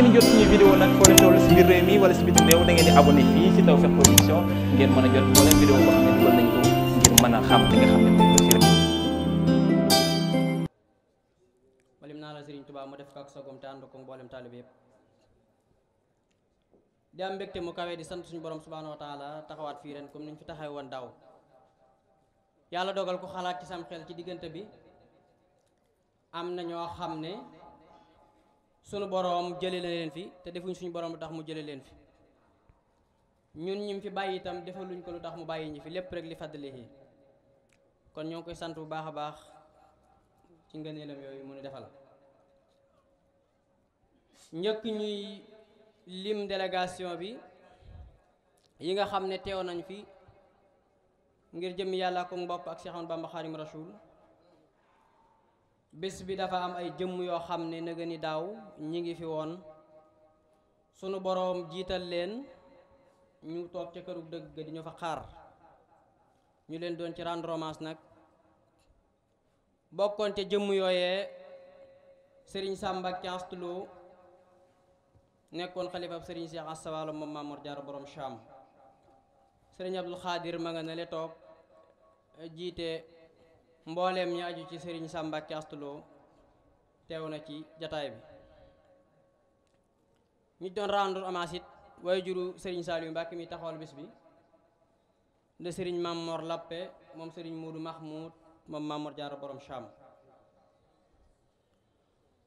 ngeen jot suñu vidéo nag foo leen toll si biir réew mi wala si biti réew da ngeen di abonné fii si Tawfekh Production ngeen mën a jot moo leen vidéo boo xam ne dugal nañ ko ngir mën a xam li nga xam ne moom la rek. malim naa la Serigne Touba mu def ko ak sagom te ànd ko mboolem taalibe yëpp di am mbégte mu kawee di sant suñu borom subhaanahu wa taala taxawaat fii ren comme niñ fi taxawee woon daaw yàlla dogal ko xalaat ci sam xel ci diggante bi am na ñoo xam ne. sunu boroom jëlee leen fii te defuñ suñu boroom lu tax mu jëlee leen fi ñun ñim fi bàyyi itam defaluñ ko lu tax mu bàyyi ñi fi lépp rek li fàttali kon ñoo ngi koy sant bu baax a baax ci ngëneelam yooyu mu ne defal njëkk ñuy lim délégation bi yi nga xam ne teew nañ fi ngir jëm yàlla ko bopp ak Cheikh Ahmadou Bamba Xaadimu Rasuul bis bi dafa am ay jëmm yoo xam ne nëga ni daaw ñi ngi fi woon sunu boroom jiital leen ñu toog ca këru dëgg di fa xaar ñu leen doon ci rendre hommage nag bokkoon ca jëmm yooye sëriñ Sàmba Kans Lo nekkoon xalifab sëriñ Cheikh Asta Walo moom Mamour Diarra borom Cham sëriñ Abdul Xaadir ma nga ne le jiite mbooleem ñu aju ci sëriñ Sàmba Astu Lo teew na ci jataay bi ñu doon rendre hommage it waaye juru sëriñ Saliou Mbàkke mi taxawal bis bi de sëriñ Mamor Lappe moom sëriñ Muudu Mahmoud moom Mamor Jaara borom Cham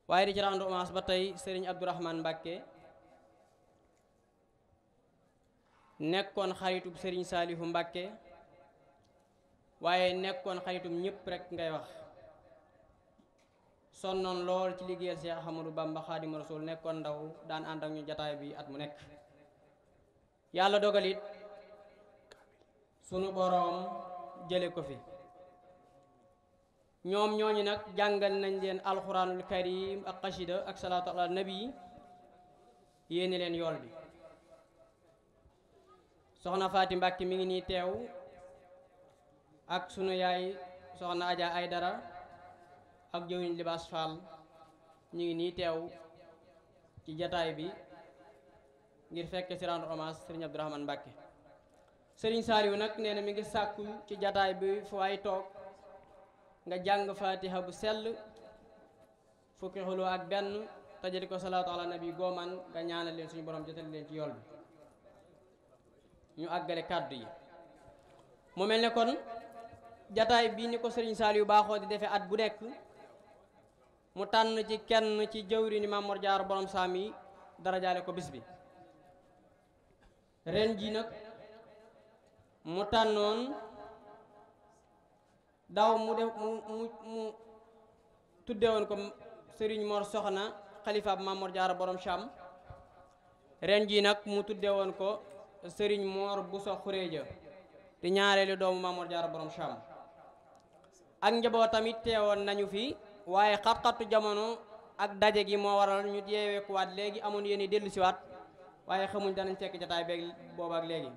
waaye di ci rendre hommage ba tey sëriñ Abdourahman Mbàkke nekkoon xaritub sëriñ Saalihu Mbàkke waaye nekkoon xaritum ñëpp rek ngay wax sonnoon lool ci liggéeyal Cheikh Ahmadou Bamba Xaadimu Rasuul nekkoon ndaw daan ànd ak ñu jataay bi at mu nekk yàlla dogal it sunu boroom jële ko fi ñoom ñooñu nag jàngal nañ leen alxuraanul karim ak xasida ak salaatu ala nabi yéene leen yool bi soxna Faati Mbàkke mi ngi nii teew ak sunu yaay soxna ay dara ak jëwriñ Libaas Fall ñu ngi nii teew ci jataay bi ngir fekke si rendre hommage sëriñ Abdourahmane Mbacke sëriñ Saliou nag nee na mi ngi sàkku ci jataay bi fu ay toog nga jàng fatiha bu sell fukki xulu ak benn tajadi ko salaatu ala nabi gooman nga ñaanal leen suñu boroom jotal ci yool bi ñu àggale kàddu yi mu mel ne kon jataay bii ni ko sëriñ yu baaxoo di defee at bu nekk mu tànn ci kenn ci jëwri ni Maam Mor Jaara borom saam yi darajaale ko bis bi ren ji nag mu tànnoon daaw mu def mu mu mu ko sëriñ Mor Soxna xalifaab Maam jaar Jaara borom saam ren ji nag mu woon ko sëriñ Mor Bousso Xureeja di ñaareelu doomu Maam Mor Jaara saam ak njaboot tamit teewoon nañu fi waaye xat-xatu jamono ak daje gi moo waral ñu yeeweekuwaat léegi amoon yéen dellu siwaat waaye xamuñ danañ fekk jataay beeg boobu ak léegi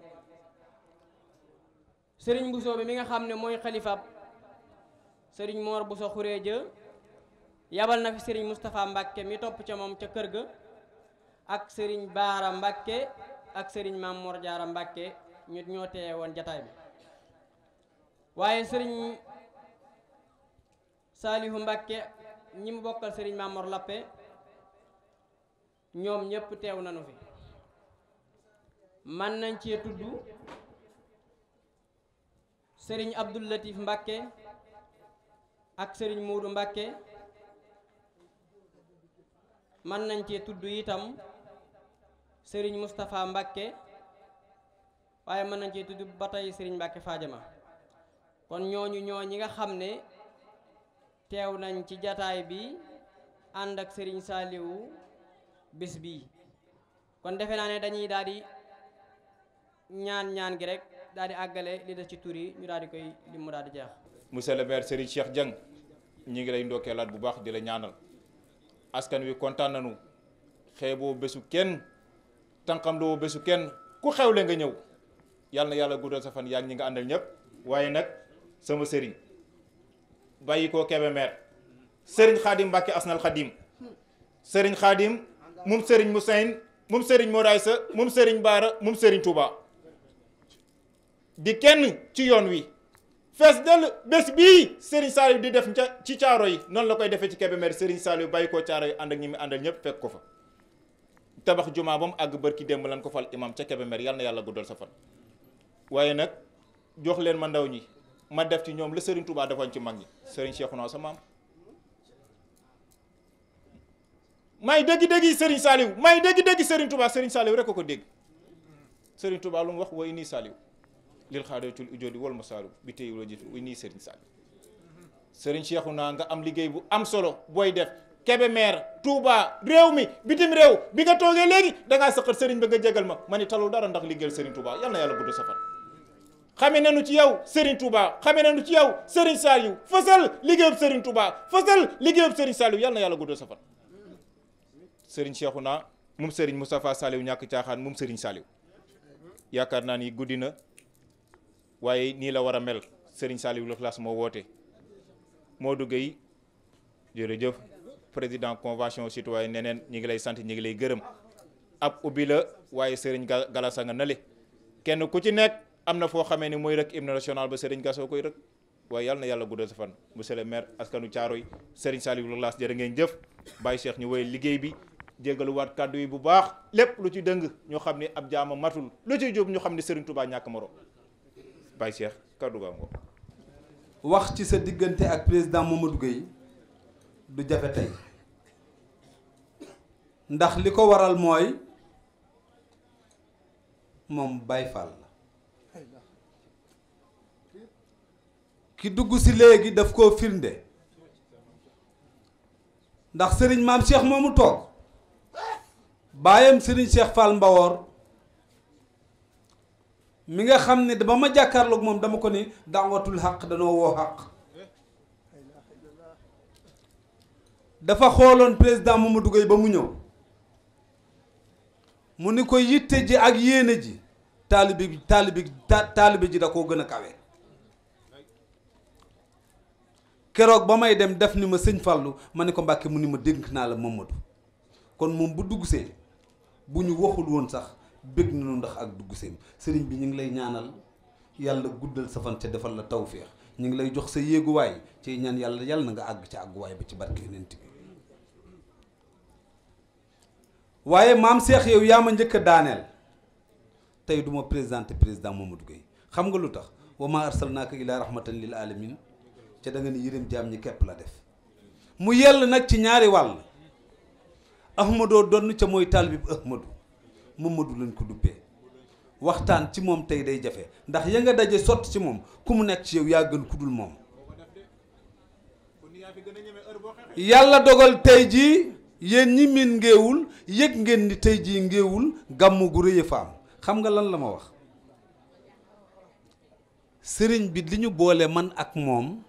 sëriñ Bousso bi mi nga xam ne mooy xalifa sëriñ moor Mor Bousso Xuréeja yabal na fi sëriñ Moustapha Mbacke mi topp ca moom ca kër ga ak sëriñ Baara Mbacke ak sëriñ Maam Mor Jaara Mbacke ñu ñoo teewoon jataay bi waaye sëriñ saalihu mbàkke ñi mu bokkal sëriñ Mamor Lappe ñoom ñépp teew nañu fi man nañ cee tudd sëriñ Abdul Latif Mbàkke ak sëriñ Muudu Mbàkke man nañ cee tudd itam sëriñ Moustapha Mbàkke waaye mën nañ cee tudd ba tey sëriñ Mbàkke Faajama kon ñooñu ñoo ñi nga xam ne teew nañ ci jataay bi ànd ak sëriñ Saaliwu bés bii kon defe naa ne dañuy daal ñaan ñaan gi rek daal àggale li des ci tur yi ñu daal di koy li mu daal di jeex. monsieur le maire Serigne Cheikh Dieng ñi ngi lay ndokkeelaat bu baax di la ñaanal askan wi kontaan nañu xeeboo bésu kenn tànqamloo bésu kenn ku xewle nga ñëw yàlla yàlla guddal sa fan yaa ñi nga àndal ñëpp waaye nag sama sëriñ. bàyyi koo Kébémer sëriñ xaadim mbàkke asnal xaadim sëriñ xaadim moom sëriñ Musayn moom sëriñ Moray sa moom sëriñ Baara moom sëriñ Touba di kenn ci yoon wi fees dell bés bi sëriñ Saliou di def ci caaro yi noonu la koy defee ci Kébémer sëriñ Saliou bàyyi ko caaro yi ànd ak ñi mu àndal ñëpp fekk ko fa tabax jumaa ba mu àgg bërki démb lan ko fal imam ca Kébémer yàlla na yàlla guddal sa fan waaye nag jox leen ma ndaw ñi ma def ci ñoom la Serigne Touba defoon ci mag ñi Serigne Cheikhouna sa maam may dégg-dégg Serigne Saliou may dégg-dégg Serigne Touba Serigne Saliou rek ko ko dégg Serigne Touba lu mu wax way nii Saliou lil xaadatul ujoodi wal ma Saliou bi tey la jiitu way nii Serigne Saliou Serigne Cheikhouna nga am liggéey bu am solo booy def Kébémer Touba réew mi bitim réew bi nga toogee léegi da ngaa saqat Serigne ba nga jégal ma ma ni talul dara ndax liggéeyal Serigne Touba yal na yàlla gudd sa fan xame nañu ci yow Serigne Touba xame nañu ci yow Serigne Saliou fësal liggéeyub Serigne Touba fësal liggéeyub Serigne Saliou yàlla na yàlla guddal sa fan Serigne naa moom Serigne Moustapha Saliou ñàkk caaxaan moom Serigne Saliou yaakaar naa ni guddi na waaye nii la war a mel Serigne Saliou la classe moo woote Modou Gueye jërëjëf président convention citoyenne neneen ñi ngi lay sant ñi ngi lay gërëm ab ubbi la waaye Serigne Galasa nga nale kenn ku ci nekk. am na foo xamee ni mooy rek hymne national ba Serigne Gassoo koy rek waaye yàlla na yàlla guddal sa fan monsieur le maire askanu Thiaroye Serigne Saliou Lalas jërë ngeen jëf Baye Cheikh ñu woy liggéey bi jégaluwaat kàddu yi bu baax lépp lu ci dëng ñoo xam ne ab jaama matul lu ci jub ñu xam ne Serigne Touba ñàkk moro Baye Cheikh kàddu gaa ngo wax ci sa diggante ak président Mamadou Gueye du jafe tey ndax li ko waral mooy moom Baye Fall ki dugg si léegi daf koo firnde ndax sëriñ maam Cheikh mu toog baayam sëriñ Cheikh Fall Mbawor mi nga xam ne ba ma jàkkaarloog moom dama ko ni daawatul xaq danoo woo xaq dafa xooloon président mu ma Gueye ba mu ñëw mu ni ko yitte ji ak yéene ji taalibi taalibi taalibi ji da koo gën a kawe keroog ba may dem def ni ma sëñ Fallou ma ne ko Mbàkke mu ni ma dénk naa la Mamadou kon moom bu dugg seen bu ñu waxul woon sax bëgg nañu ndax ak dugg seen sëriñ bi ñu ngi lay ñaanal yàlla guddal sa fan ca defal la tawféex ñu ngi lay jox sa yéeguwaay ci ñan yàlla yàlla na nga àgg ci àgguwaay ba ci barke yonent bi waaye maam Cheikh yow yaa ma njëkk a daaneel tey du ma présenté président Mamadou Gueye xam nga lu tax wa ma arsalnaaka ila rahmatan lil alamin te danga nga ni yërëm jaam ñi képp la def mu yell nag ci ñaari wàll ahmadoo donn ca mooy taalib bi ahmadu mamadu lañ ko duppee waxtaan ci moom tey day jafe ndax ya nga daje sotti ci moom ku mu nekk ci yow yaa gën ku dul moom yàlla dogal tey jii yéen ñi miin ngéewul yëg ngeen tey jii ngéewul gàmmu gu rëy faam xam nga lan la ma wax sëriñ bi li ñu boole man ak moom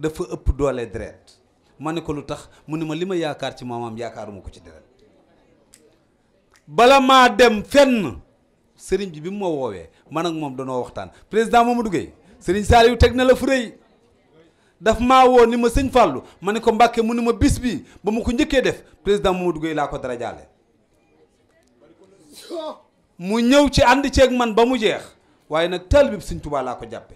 dafa ëpp doole deret ma ne ko lu tax mu ne ma li ma yaakaar ci maamaam yaakaaruma ko ci deret bala maa dem fenn sëriñ bi bi mu ma woowee man ak moom danoo waxtaan président Mamadou duggee sëriñ Saliou teg na la fu rëy dafa ma woo ni ma sëñ Fallou ma ne ko Mbàkke mu ne ma bis bi ba ma ko njëkkee def président Mamadou Gueye laa ko darajaale jaale mu ñëw ci ànd ceeg man ba mu jeex waaye nag taalibe bi sëñ Tuubaa laa ko jàppe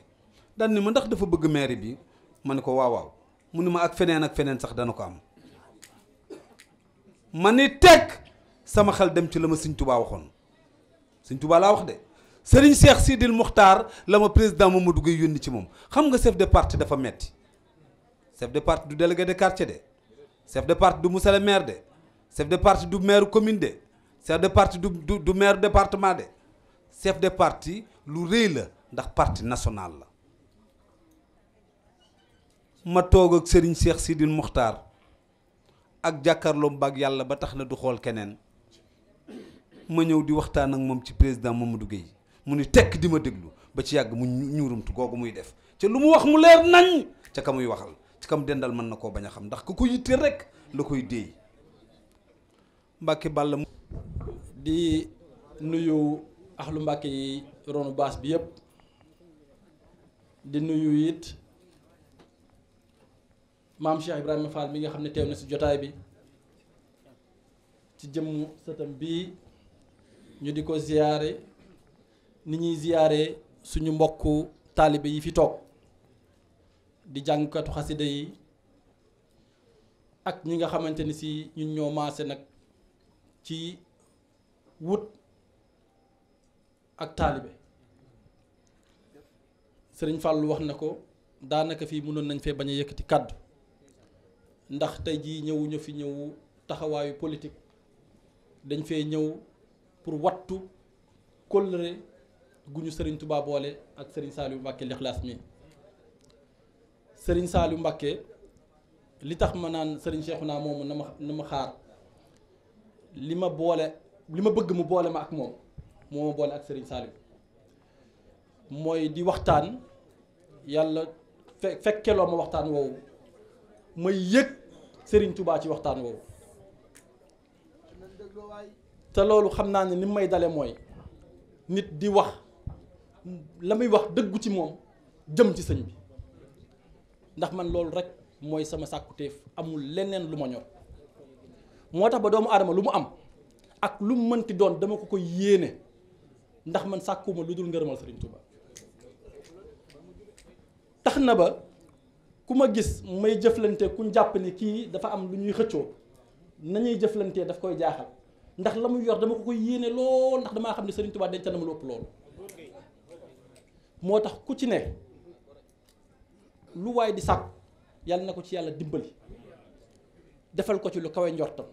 daan ni ma ndax dafa bëgg maire bi ma ne ko waaw waaw mu ne ma ak feneen ak feneen sax dana ko am ma ni teg sama xel dem ci la ma sëñ Tuubaa waxoon sëñ Tuubaa laa wax de sëriñ Cheikh Sidil Muxtaar la ma président ma Gueye yónni ci moom xam nga chef de parti dafa metti chef de parti du délégué de quartier de chef de parti du monsieur le maire de chef de parti du maire commune de chef de parti du du maire département de chef de parti lu rëy la ndax parti national la ma toog ak sëriñ Cheikh Sidil Muxtaar ak jàkkaarloom baag yàlla ba tax na du xool keneen ma ñëw di waxtaan ak moom ci président Mamadou Guèye mu ni tekk di ma déglu ba ci yàgg mu ñuurumt googu muy def ca lu mu wax mu leer nañ ca ka muy waxal ci kam dendal mën na koo bañ a xam ndax ku ko yitteel rekk la koy déey Mbàkke Balla di nuyu axlu Mbàkke yi ronu baas bi yëpp di nuyu it maam Cheikh Ibrahima Fall mi nga xam ne teew na si jotaay bi ci jëmm sëtam bii ñu di ko ziyaare ni ñuy ziyaare suñu mbokku taalibe yi fi toog di jàngkatu xasida yi ak ñi nga xamante ni si ñun ñoo maase nag ci wut ak taalibe sëriñ Fall wax na ko daanaka fii mënoon nañ fee bañ a yëkkati kàddu ndax tey jii ñëwuñu fi ñëw taxawaayu politique dañ fee ñëw pour wattu kóllëre gu ñu Serigne Touba boole ak Serigne Saliou Mbacké Likhlass mi Serigne Saliou Mbacké li tax ma naan Serigne Cheikhouna moomu na ma na ma xaar li ma boole li ma bëgg mu boole ma ak moom moo ma boole ak sëriñ Saliou mooy di waxtaan yàlla fe fekkeloo ma waxtaan woowu may yëg Serigne tubaa ci waxtaan woowu te loolu xam naa ne ni may dale mooy nit di wax la muy wax dëggu ci moom jëm ci sëñ bi ndax man loolu rek mooy sama sàkkuteef amul leneen lu ma ñor moo tax ba doomu aadama lu mu am ak lu mu mënti doon dama ko ko yéene ndax man sàkkuma lu dul ngërëmal sëriñ Touba tax na ba. ku ma gis may jëflante kuñ jàpp ni kii dafa am lu ñuy xëccoo nañuy jëflantee daf koy jaaxal ndax la muy yor dama ko koy yéene lool ndax damaa xam ne Serigne Touba denc na ma tax ku ci ne lu di sàkk yàlla na ko ci yàlla dimbali defal ko ci lu kawe njortam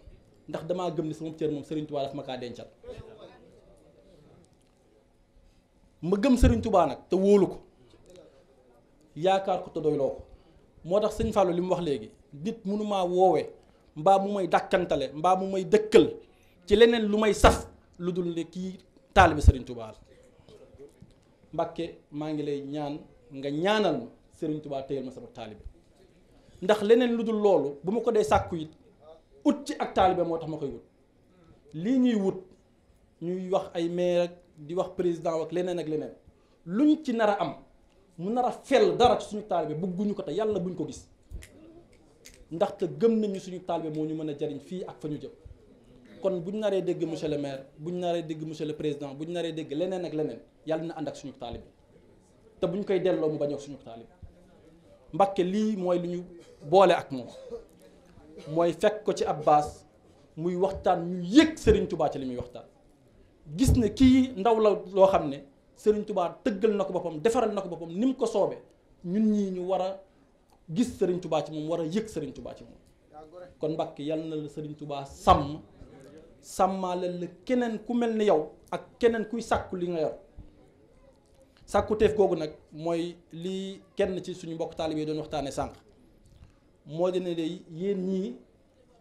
ndax damaa gëm ni sama cër moom Serigne Touba ma kaa dencal ma gëm Serigne Touba nag te wóolu ko yaakaar ko te doyloo ko moo tax sëñ Fallou li mu wax léegi nit mënumaa woowe mbaa mu may dàkkantale mbaa mu may dëkkal ci leneen lu may saf lu dul ne kii taalibe sëriñ Touba Mbàkke maa ngi lay ñaan nga ñaanal ma Serigne Touba téyal ma sama taalibe ndax leneen lu dul loolu bu ma ko dee sàkku it ut ci ak taalibe moo tax ma koy wut lii ñuy wut ñuy wax ay maire ak di wax président ak leneen ak leneen luñ ci nar a am. mu nar a fell dara ci suñu bi bëgguñu ko te yàlla bu buñ ko gis ndaxte gëm nañu suñu taalibe moo ñu mën a jariñ fii ak fa ñu jëm kon buñ naree dégg monsieur le maire ñu naree dégg monsieur le président buñ naree dégg leneen ak leneen yàlla na ànd ak suñu bi te buñ koy delloo mu bañ suñu taalib Mbàkke lii mooy lu ñu boole ak moom mooy fekk ko ci ab baas muy waxtaan ñu yëg Serigne Touba ci li muy waxtaan gis ne kii ndaw la loo xam ne. sëriñ tubaa tëggal na ko boppam defaral na ko boppam ni ko soobee ñun ñii ñu war a gis sëriñ tubaa ci moom war a yëg sëriñ Touba ci moom kon Mbàkke yàlla na la Serigne Touba sàmm sàmmaaleel la keneen ku mel ni yow ak keneen kuy sàkku li nga yor sàkku googu nag mooy lii kenn ci suñu mbokk taalibe doon waxtaane sànq moo di ne de yéen ñi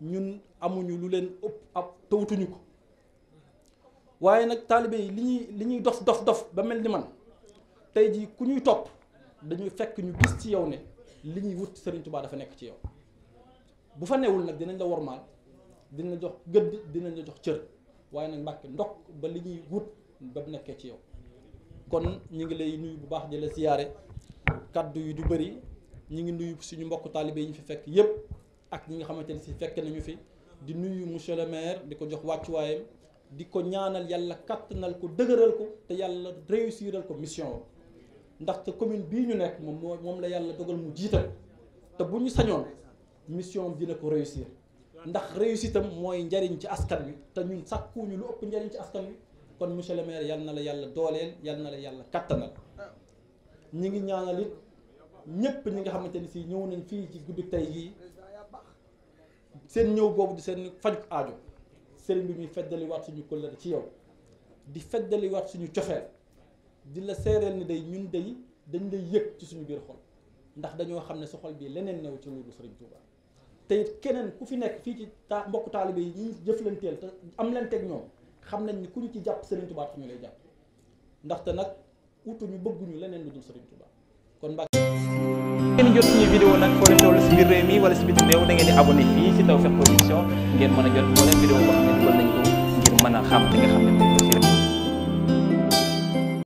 ñun amuñu lu leen ëpp ab tawutuñu ko waaye nag taalibe yi li ñuy li ñuy dof dof dof ba mel ni man tey jii ku ñuy topp dañuy fekk ñu gis ci yow ne li ñuy wut Serigne Touba dafa nekk ci yow bu fa newul nag dinañ la wormaal dinañ la jox gëdd dinañ la jox cër waaye nag mbàkke ndox ba li ñuy wut ba nekkee ci yow kon ñu ngi lay nuyu bu baax di la siyaare kàddu yi du bëri ñu ngi nuyu suñu mbokk taalibe yi ñu fi fekk yépp ak ñi nga xamante ne si fekk nañu fi di nuyu monsieur le maire di ko jox wàccuwaayam di ko ñaanal yàlla kàttanal ko dëgëral ko te yàlla réussiral ko mission am ndaxte commune bii ñu nekk moom moo moom la yàlla dogal mu jiital te bu ñu sañoon mission am dina ko réussir ndax réussitam mooy njariñ ci askan wi te ñun sàkkuñu lu ëpp njariñ ci askan wi kon monsieur le maire yal na la yàlla dooleel yal na la yàlla kàttanal ñi ngi ñaanal it ñëpp ñi nga xamante ni si ñëw nañ fii ci guddi tey gii seen ñëw boobu di seen faju aajo sëriñ bi muy feddaliwaat suñu kóllëre ci yow di feddaliwaat suñu cofeel di la seereel ni day ñun day dañ lay yëg ci suñu biir xol ndax dañoo xam ne sa xol bii leneen new ci loolu sëriñ Touba te keneen ku fi nekk fii ci ta mbokku taalibe yi ñu jëflanteel te am leen teg ñoom xam nañ ni ku ñu ci jàpp sëriñ Touba tax ñu lay jàpp ndaxte nag utu ñu bëgguñu leneen lu dul sëriñ Touba kon ngeen jot suñu vidéo nag foo leen toll ngeen di abonné si Tawfekh Production ngeen mën a jot moo leen vidéo boo xam ne a xam